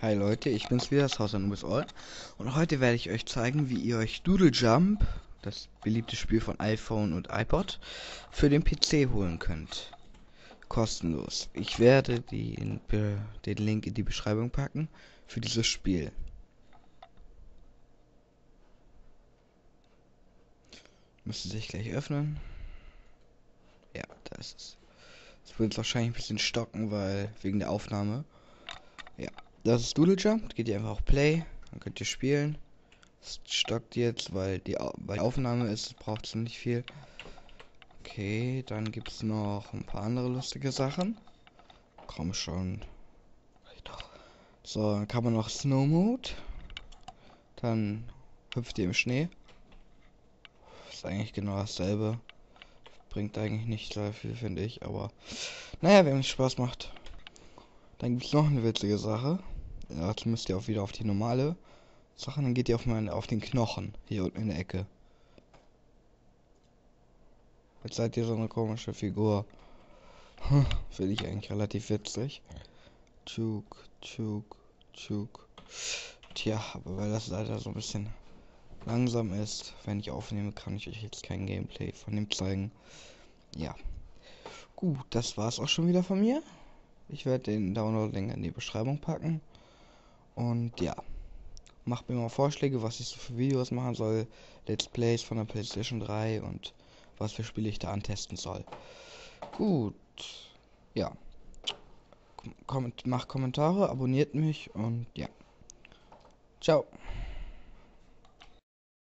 Hi Leute, ich bin's wieder, das Haus an All. Und heute werde ich euch zeigen, wie ihr euch Doodle Jump, das beliebte Spiel von iPhone und iPod, für den PC holen könnt. Kostenlos. Ich werde den, den Link in die Beschreibung packen für dieses Spiel. Müsste sich gleich öffnen. Ja, da ist es. Es wird wahrscheinlich ein bisschen stocken, weil wegen der Aufnahme. Ja, das ist Doodle Jump. Geht ihr einfach auf Play. Dann könnt ihr spielen. Es stockt jetzt, weil die, weil die Aufnahme ist. Braucht es nicht viel. Okay, dann gibt es noch ein paar andere lustige Sachen. Komm schon. So, dann kann man noch Snow Mode. Dann hüpft ihr im Schnee. Ist eigentlich genau dasselbe. Bringt eigentlich nicht sehr viel, finde ich, aber naja, wenn es Spaß macht. Dann gibt es noch eine witzige Sache. Dazu müsst ihr auch wieder auf die normale Sache. Dann geht ihr auf, meinen, auf den Knochen hier unten in der Ecke. Jetzt seid ihr so eine komische Figur. Hm, Finde ich eigentlich relativ witzig. Tschuk, tschuk, tschuk. Tja, aber weil das leider so ein bisschen langsam ist, wenn ich aufnehme, kann ich euch jetzt kein Gameplay von dem zeigen. Ja. Gut, das war's auch schon wieder von mir. Ich werde den Download-Link in die Beschreibung packen. Und ja, macht mir mal Vorschläge, was ich so für Videos machen soll. Let's Plays von der PlayStation 3 und was für Spiele ich da antesten soll. Gut, ja. Kom macht Kommentare, abonniert mich und ja. Ciao.